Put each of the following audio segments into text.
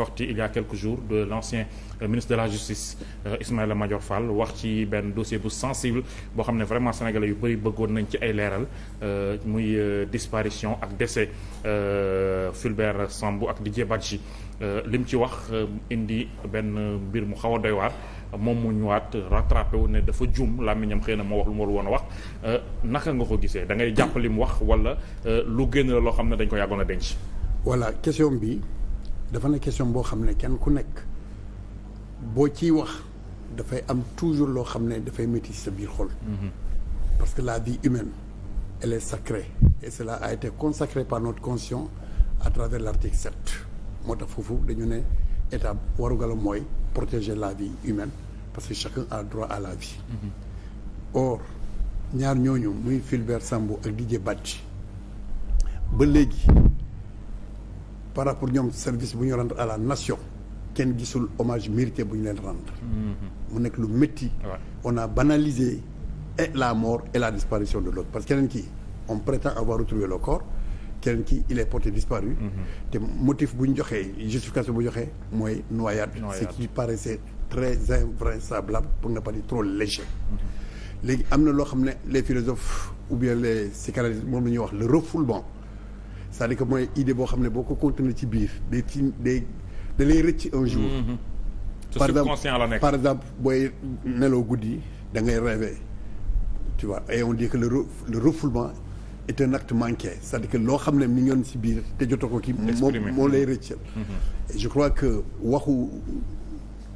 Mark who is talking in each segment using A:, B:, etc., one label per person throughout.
A: sortie il y a quelques jours de l'ancien euh, ministre de la justice euh, Ismaïla Madior Fall wax ci benn dossier bu sensible boo xam ne vraiment sénégalais yu bëri bëggoon nañ ci ay leeral euh, muy disparition ak décès Fulbert Sambou ak Didier Badji li mu ci wax indi benn mbir mu xaw a doy waar moom mu ñëwaat rattrapé wu ne dafa juum làmmiñam xëy na moo wax lu mu woon a wax naka nga ko gisee da ngay jàpp li mu wax wala lu génn la loo xam ne dañ ko yàggoon a denc.
B: voilà question dafa na question boo xam ne kenn ku nekk boo ciy wax dafay am toujours loo xam ne dafay métti sa biir xol. Mhm. parce que la vie humaine elle est sacrée et cela a été consacré par notre conscience à travers l'article 7 moo tax foofu dañu ne état warugal mooy protéger la vie humaine parce que chacun a droit à la vie. Mhm. or ñaar ñooñu muy Fulbert Sambou ak Didier Badji ba léegi. par rapport ñoom service bu ñu rendre a la nation kenn gisul hommage mérité bu ñu leen rendre mm-hmm. mu nekk lu métti on a banalisé et la mort et la disparition de l'autre parce que keneen kii on prétend avoir retrouvé le corps keneen kii il est porté disparu mm-hmm. te motif bu ñu joxee justification bu ñu joxee mooy noyade ce qui paraissait très invraisemblable pour ne pas dire trop léger mm-hmm. léegi am na loo xam ne les philosophes ou bien les psychanalystes moom la ñuy wax le refoulement cest dire que mooy idée boo xam ne boo ko continuer ci biir day ci day da lay rëcc un jour. Mm-hmm. par exemple par exemple booy neloo guddi da ngay rêver tu vois et on dit que le le est un acte manqué c'est-à-dire loo xam ne mi ñoon ci biir te jotoo ko ki moom moo lay mm-hmm. rëccal. Mm-hmm. je crois que waxu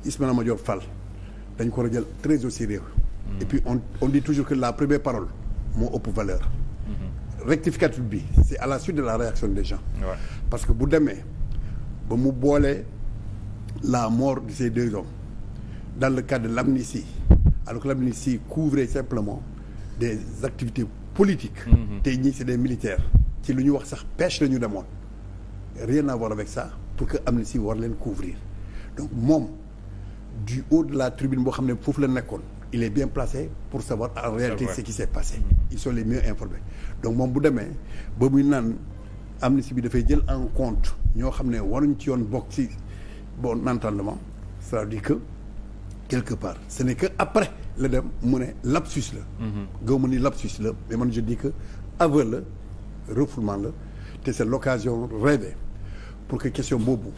B: Ismaïla Madior Fall dañ ko war a jël très au sérieux et puis on on dit toujours que la première parole moo ëpp valeur. rectificatif bi c'est à la suite de la réaction des gens. Ouais. parce que bu demee ba mu boolee la mort de ces deux hommes dans le cadre de l'amnistie alors que l'amnistie couvrait simplement des activités politiques. Mm-hmm. tey ñi c'est des militaires. ci lu ñu wax sax pêche la ñu demoon rien à voir avec sax pour que amnistie war leen couvrir donc moom du haut de la tribune boo xam ne foofu la nekkoon. il est bien placé pour savoir en réalité ce qui s'est passé ils sont les mieux informés donc moom bu demee ba muy naan amnistie bi dafay jël en compte ñoo xam ne waruñ ci yoon bokk ci bon entendement c'est-à-dire que quelque part ce n'est que après la dem mu ne lapsus la mhm. gaw ma ni lapsus la mais man je dis que aveu la refoulement la te c'est l'occasion rêvée pour que question boobu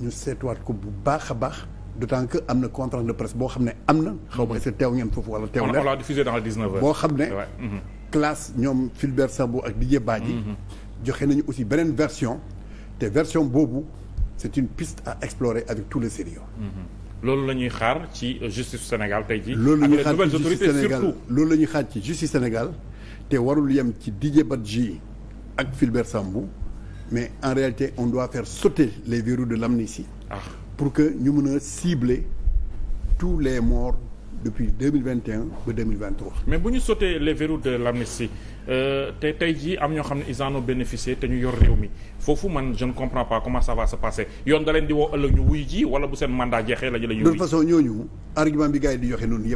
B: ñu seetuwaat ko bu baax a baax d'autant que am na conférence de presse boo xam ne am na. xaw ma mhm. est-ce que teew ngeen foofu wala teew leen. on l'a
A: diffusé dans les 19 heures. boo xam ne mhm.
B: classe ñoom Fulbert Sambou ak Didier Badji. Mhm. joxe nañu aussi beneen version te version boobu c'est une piste à explorer avec tout le sérieux.
A: loolu la ñuy xaar ci justice Sénégal tey jii. loolu la ñuy xaar ci justice Sénégal
B: loolu la ñuy xaar ci justice Sénégal te warul yem ci Didier ji ak Fulbert Sambou. mais en réalité on doit faire sauter les verrous de l'amnistie ah. pour que ñu mën a cibler tous les morts depuis 2021 ba 2023.
A: mais bu ñu sautee les verrous de l'amnistie euh, te tey jii am ñoo xam ne ils en ont bénéficié te ñu yor réew mi foofu man je ne comprends pas comment ça va se passer yoon da leen di woo ëllëg ñu wuy ji wala bu seen mandat jeexee la ñu la ñu. de toute
B: façon ñooñu argument bi gars yi di joxe noonu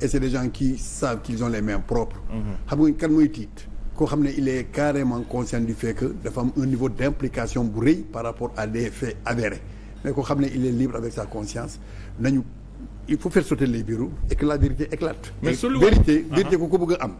B: et c'est des gens qui savent qu'ils ont les mains propres. Mm-hmm. xam koo xam ne il est carrément conscient du fait que dafa am un niveau d'implication bu rëy par rapport à des faits avérés mais koo xam ne il est libre avec sa conscience nañu il faut faire sauter les bureaux et que la vérité éclate. mais solo ah, ah. vérité ku ko bëgg a am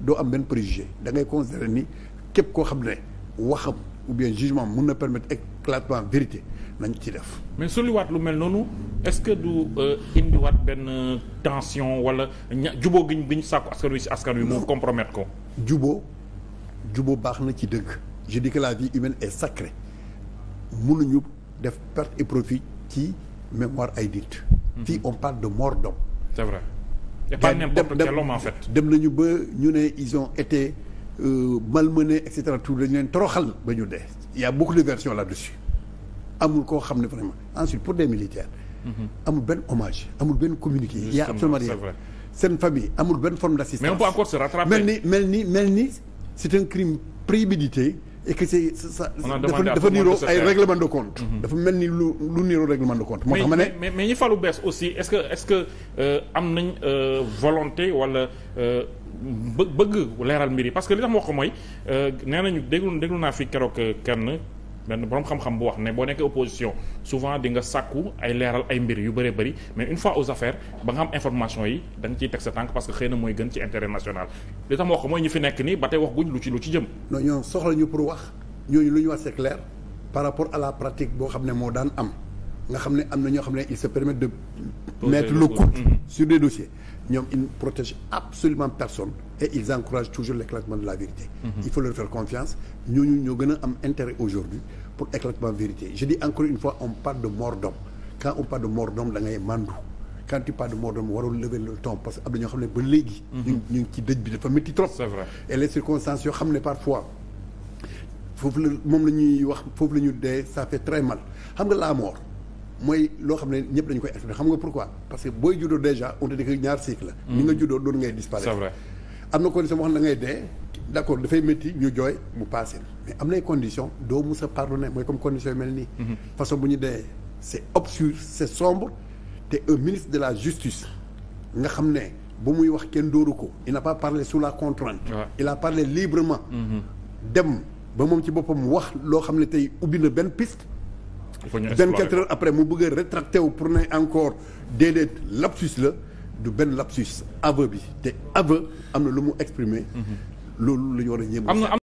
B: doo am benn préjugé da ngay considérer ni képp koo xam ne waxam ou bien jugement mun na permettre éclatement vérité nañ ci def.
A: mais su liwaat lu mel noonu est-ce que du euh, indiwaat benn euh, tension wala ña jubóo gi ñu sàkku askan wi si askan wi. moo compromettre ko.
B: jubóo jubóo baax na ci dëgg. je dis que la vie humaine est sacrée mënuñu def perte et profit ci mémoire ay nit. Mhm. fii on parle de mort d'homme. c'est vrai. et pas n'importe dem nañu ba ñu ne ils ont été euh, malmenés et cetera tout dañu leen toroxal ba ñu dee. il y a beaucoup de versions là-dessus amul koo xam ne vraiment ensuite pour des militaires. Mhm. amul benn hommage amul benn communiqué. il y a seen famille amul benn forme d'assistance. mel ni mel ni mel ni c'est un crime prémédité et que c'est ça dafa niroo ay règlement de compte. Mhm. dafa mel ni lu lu niroo règlement de compte. mais
A: mais ñi falu bees aussi est-ce que est-ce que euh, am nañ euh, volonté wala. Euh, bëgg leeral mbir yi parce que li tax ma wax ko mooy euh, nee nañu déglu déglu naa fi keroog euh, kenn benn borom xam-xam bu wax ne boo nekkee opposition souvent di nga sàkku ay leeral ay mbir yu bëree bëri mais une fois aux affaires ba nga am information yi da nga ciy teg sa tànk parce que xëy na mooy gën ci intérêt
B: national li tax ma wax mooy ñi fi nekk nii ba tey wax guñ lu ci lu ci jëm. non ñoo soxla ñu pour wax ñooñu lu ñu wax c'est clair par rapport à la boo xam ne moo daan am xam ne am na ñoo xam ne il se mettre le coude mhm. sur des dossiers ñoom ils ne protègent absolument personne et ils encouragent toujours l'éclatement de la vérité mhm. il faut leur faire confiance ñooñu ñoo gën a am intérêt aujourd'hui pour éclatement vérité je dis encore une fois on parle de mort d'homme quand on parle de mort d'homme da ngay mandu quand tu parles de mort d'homme lever le ton parce que am na ñoo xam ne ba léegi ñu mhm. ñu ngi ci dëj bi xam ne parfois foofu la moom la ñuy wax foofu la ñu dee ça fait mal xam nga la mort mooy loo xam ne ñëpp dañu koy expliqué xam nga pourquoi parce que booy juddoo déjà on te dit que ñaar cycle ni nga mm. juddoo doon ngay disparaître am na condition boo xam ne da ngay dee d' accord dafay métti ñu jooy mu passé mais am nay condition doo mus a mooy comme condition yu mel nii mm-hmm. façon bu ñu dee c' est obscur sombre te un ministre de la justice nga xam ne bu muy wax kenn dóoru ko il n'a pas parlé sous la contrainte il a parlé librement mm-hmm. dem ba moom ci boppam wax loo xam ne tey ubbi na benn piste
A: vingt-quatre heures
B: après mu bëgg a pour ne encore déedéet lapsus la du benn lapsus aveu bi te aveu am na lu mu exprimer mhm. loolu la ñu war a ñëm